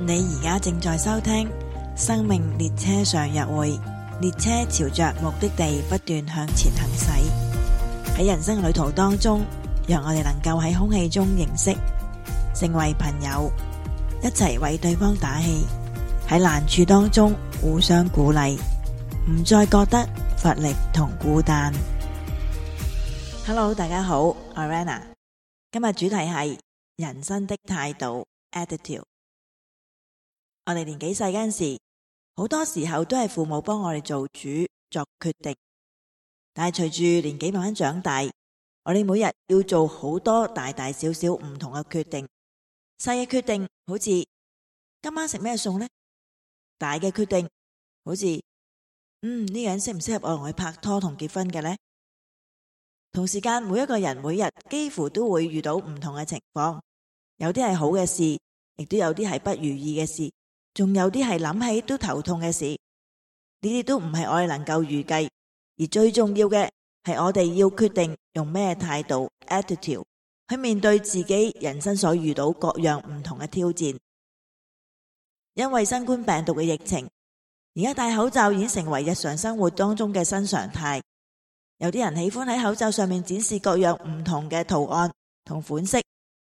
你而家正在收聽生命列車上約會，列車朝着目的地不斷向前行駛。喺人生旅途當中，讓我哋能夠喺空氣中認識，成為朋友，一齊為對方打氣。喺難處當中互相鼓勵，唔再覺得乏力同孤單。Hello，大家好，Rana，今日主題係人生的態度 （attitude）。我哋年紀細嗰陣時，好多時候都係父母幫我哋做主作決定。但係隨住年紀慢慢長大，我哋每日要做好多大大小小唔同嘅決定。細嘅決定，好似今晚食咩餸咧；大嘅決定，好似嗯，呢個人適唔適合我同佢拍拖同結婚嘅呢？同時間，每一個人每日幾乎都會遇到唔同嘅情況，有啲係好嘅事，亦都有啲係不如意嘅事。仲有啲係諗起都頭痛嘅事，呢啲都唔係我哋能夠預計。而最重要嘅係，我哋要決定用咩態度 （attitude） 去面對自己人生所遇到各樣唔同嘅挑戰。因為新冠病毒嘅疫情，而家戴口罩已經成為日常生活當中嘅新常態。有啲人喜歡喺口罩上面展示各樣唔同嘅圖案同款式，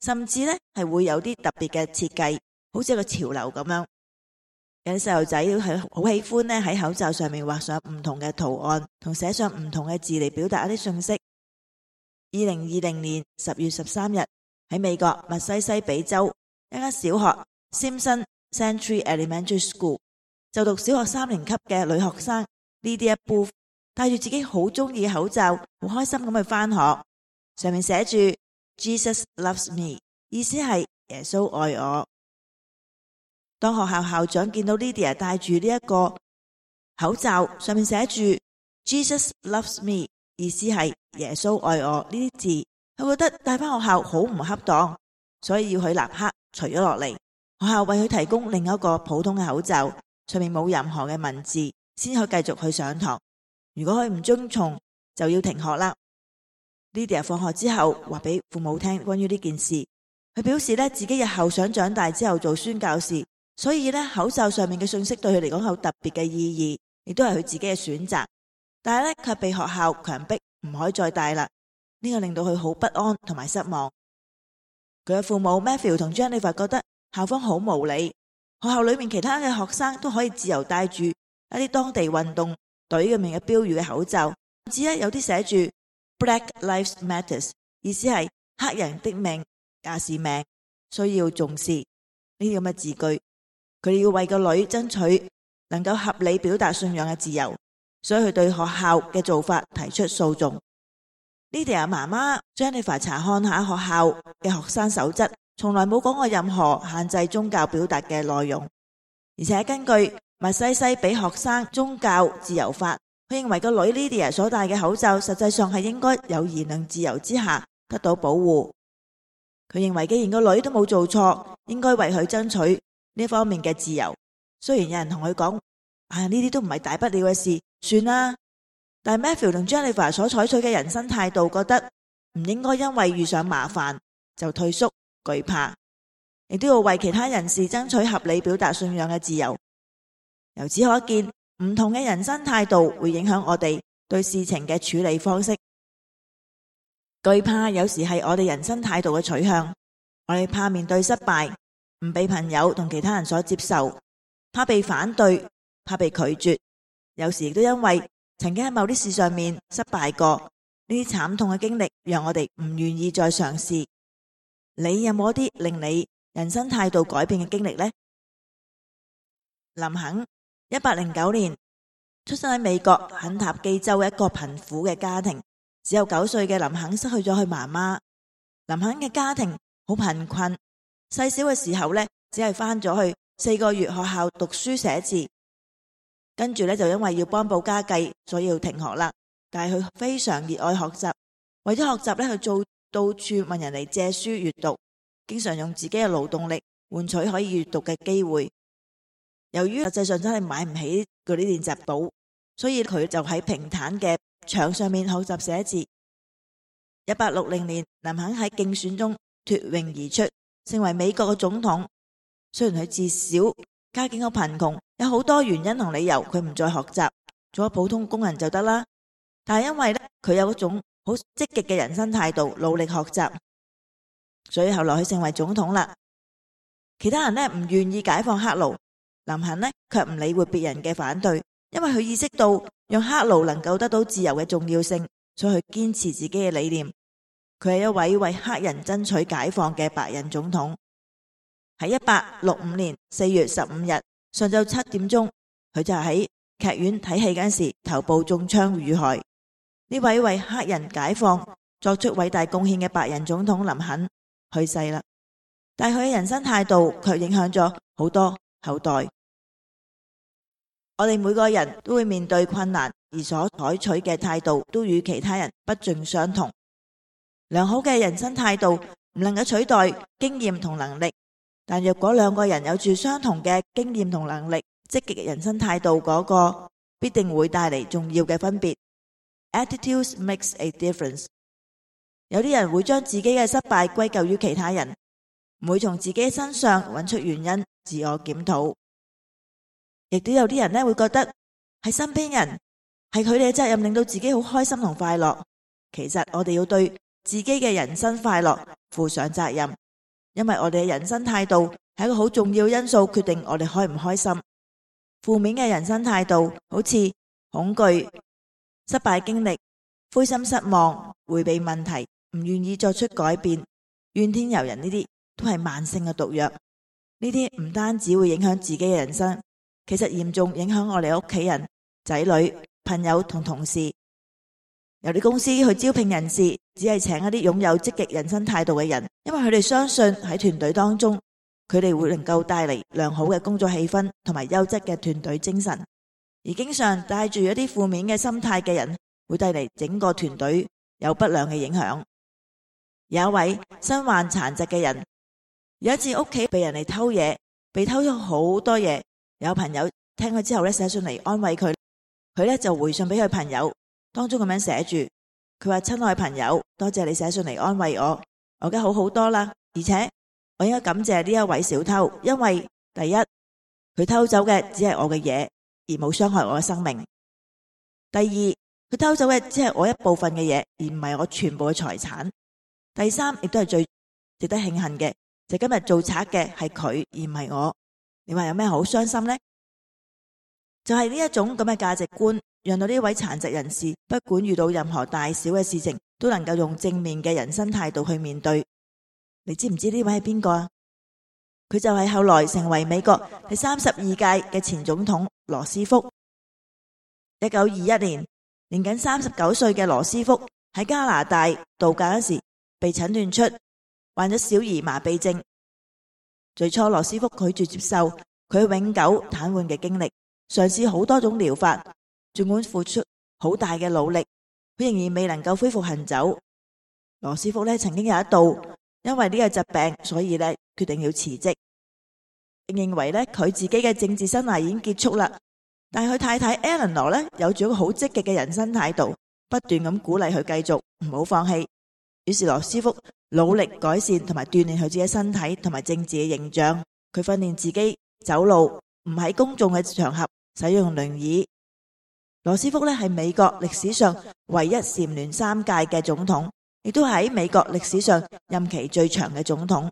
甚至呢係會有啲特別嘅設計，好似一個潮流咁樣。有細路仔係好喜歡咧，喺口罩上面畫上唔同嘅圖案，同寫上唔同嘅字嚟表達一啲信息。二零二零年十月十三日喺美國密西西比州一間小學 Simpson Central Elementary School 就讀小學三年級嘅女學生，Lydia Booth 帶住自己好中意嘅口罩，好開心咁去翻學，上面寫住 Jesus Loves Me，意思係耶穌愛我。當學校校長見到 Lydia 戴住呢一個口罩，上面寫住 Jesus loves me，意思係耶穌愛我呢啲字，佢覺得帶返學校好唔恰當，所以要佢立刻除咗落嚟。學校為佢提供另一個普通嘅口罩，上面冇任何嘅文字，先可以繼續去上堂。如果佢唔遵從，就要停學啦。Lydia 放學之後話畀父母聽關於呢件事，佢表示咧自己日後想長大之後做宣教士。所以咧，口罩上面嘅信息對佢嚟講好特別嘅意義，亦都係佢自己嘅選擇。但係咧，佢被學校強迫唔可以再戴啦。呢、這個令到佢好不安同埋失望。佢嘅父母 Matthew 同 Jennifer 覺得校方好無理。學校裏面其他嘅學生都可以自由戴住一啲當地運動隊入面嘅標語嘅口罩，甚至有啲寫住 Black Lives Matter，意思係黑人的命也是命，需要重視呢啲咁嘅字句。佢哋要為個女爭取能夠合理表達信仰嘅自由，所以佢對學校嘅做法提出訴訟。Lydia 媽媽 Jennifer 查看下學校嘅學生守則，從來冇講過任何限制宗教表達嘅內容，而且根據密西西比學生宗教自由法，佢認為個女 Lydia 所戴嘅口罩實際上係應該有言論自由之下得到保護。佢認為既然個女都冇做錯，應該為佢爭取呢方面嘅自由，雖然有人同佢講，啊呢啲都唔係大不了嘅事，算啦。但係 Matthew 同 Jennifer 所採取嘅人生態度，覺得唔應該因為遇上麻煩就退縮懼怕，亦都要為其他人士爭取合理表達信仰嘅自由。由此可見，唔同嘅人生態度會影響我哋對事情嘅處理方式。懼怕有時係我哋人生態度嘅取向，我哋怕面對失敗。唔被朋友同其他人所接受，怕被反對，怕被拒絕，有時亦都因為曾經喺某啲事上面失敗過，呢啲慘痛嘅經歷，讓我哋唔願意再嘗試。你有冇一啲令你人生態度改變嘅經歷呢？林肯，一八零九年出生喺美國肯塔基州一個貧苦嘅家庭，只有九歲嘅林肯失去咗佢媽媽。林肯嘅家庭好貧困。細小嘅時候咧，只係返咗去四個月學校讀書寫字，跟住咧就因為要幫補家計，所以要停學啦。但係佢非常熱愛學習，為咗學習咧，佢做到處問人嚟借書閱讀，經常用自己嘅勞動力換取可以閱讀嘅機會。由於實際上真係買唔起嗰啲練習簿，所以佢就喺平坦嘅牆上面學習寫字。一八六零年，林肯喺競選中脫穎而出，成為美國嘅總統，雖然佢自小家境好貧窮，有好多原因同理由，佢唔再學習，做個普通工人就得啦。但係因為咧，佢有一種好積極嘅人生態度，努力學習，所以後來佢成為總統啦。其他人咧唔願意解放黑奴，林肯呢，卻唔理會別人嘅反對，因為佢意識到讓黑奴能夠得到自由嘅重要性，所以佢堅持自己嘅理念。佢係一位為黑人爭取解放嘅白人總統，喺一八六五年四月十五日上晝七點鐘，佢就喺劇院睇戲嗰陣時，頭部中槍遇害。呢位為黑人解放作出偉大貢獻嘅白人總統林肯去世啦，但佢嘅人生態度卻影響咗好多後代。我哋每個人都會面對困難，而所採取嘅態度都與其他人不盡相同。良好嘅人生態度唔能夠取代經驗同能力，但若果兩個人有住相同嘅經驗同能力，積極嘅人生態度嗰個必定會帶嚟重要嘅分別。Attitudes makes a difference。有啲人會將自己嘅失敗歸咎於其他人，唔會從自己身上揾出原因，自我檢討。亦都有啲人呢會覺得係身邊人係佢哋嘅責任，令到自己好開心同快樂。其實我哋要對自己嘅人生快樂負上責任，因為我哋嘅人生態度係一個好重要因素，決定我哋開唔開心。負面嘅人生態度，好似恐懼、失敗經歷、灰心失望、回避問題、唔願意作出改變、怨天尤人呢啲，都係慢性嘅毒藥。呢啲唔單止會影響自己嘅人生，其實嚴重影響我哋屋企人、仔女、朋友同同事。有啲公司去招聘人士，只係請一啲擁有積極人生態度嘅人，因為佢哋相信喺團隊當中，佢哋會能夠帶嚟良好嘅工作氣氛同埋優質嘅團隊精神。而經常帶住一啲負面嘅心態嘅人，會帶嚟整個團隊有不良嘅影響。有一位身患殘疾嘅人，有一次屋企俾人哋偷嘢，被偷咗好多嘢。有朋友聽佢之後咧寫信嚟安慰佢，佢咧就回信俾佢朋友。當中咁樣寫住，佢話，親愛的朋友，多謝你寫信嚟安慰我，我而家好好多啦。而且我應該感謝呢一位小偷，因為第一佢偷走嘅只係我嘅嘢，而冇傷害我嘅生命；第二佢偷走嘅只係我一部分嘅嘢，而唔係我全部嘅財產；第三亦都係最值得慶幸嘅，就是、今日做賊嘅係佢，而唔係我。你話有咩好傷心呢？就係、是、呢一種咁嘅價值觀。讓到呢位殘疾人士，不管遇到任何大小嘅事情，都能夠用正面嘅人生態度去面對。你知唔知呢位係邊個啊？佢就係後來成為美國第三十二屆嘅前總統羅斯福。一九二一年，年僅三十九歲嘅羅斯福喺加拿大度假嗰時，被診斷出患咗小兒麻痹症。最初羅斯福拒絕接受佢永久癱瘓嘅經歷，嘗試好多種療法。儘管付出好大嘅努力，佢仍然未能夠恢復行走。羅斯福曾經有一度因為呢個疾病，所以咧決定要辭職，並認為佢自己嘅政治生涯已經結束啦。但係佢太太艾倫羅咧有着一個好積極嘅人生態度，不斷咁鼓勵佢繼續唔好放棄。於是羅斯福努力改善同埋鍛煉佢自己身體同埋政治嘅形象。佢訓練自己走路，唔喺公眾嘅場合使用輪椅。羅斯福咧係美國歷史上唯一蟬聯三屆嘅總統，亦都喺美國歷史上任期最長嘅總統。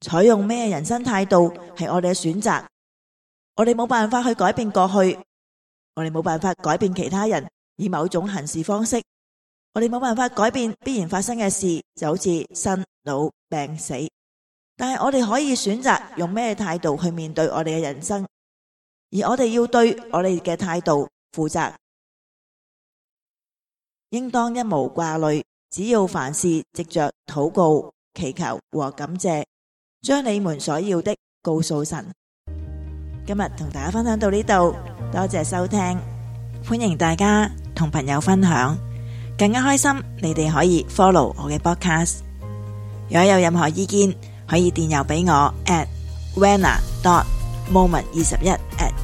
採用咩人生態度係我哋嘅選擇，我哋冇辦法去改變過去，我哋冇辦法改變其他人以某種行事方式，我哋冇辦法改變必然發生嘅事，就好似生老病死。但係我哋可以選擇用咩態度去面對我哋嘅人生。而我哋要對我哋嘅態度負責，應當一無掛慮，只要凡事藉着禱告、祈求和感謝，將你們所要的告訴神。今日同大家分享到呢度，多謝收聽，歡迎大家同朋友分享，更加開心。你哋可以 follow 我嘅 podcast，如果有任何意見，可以電郵俾我 at rana dot moment 二十一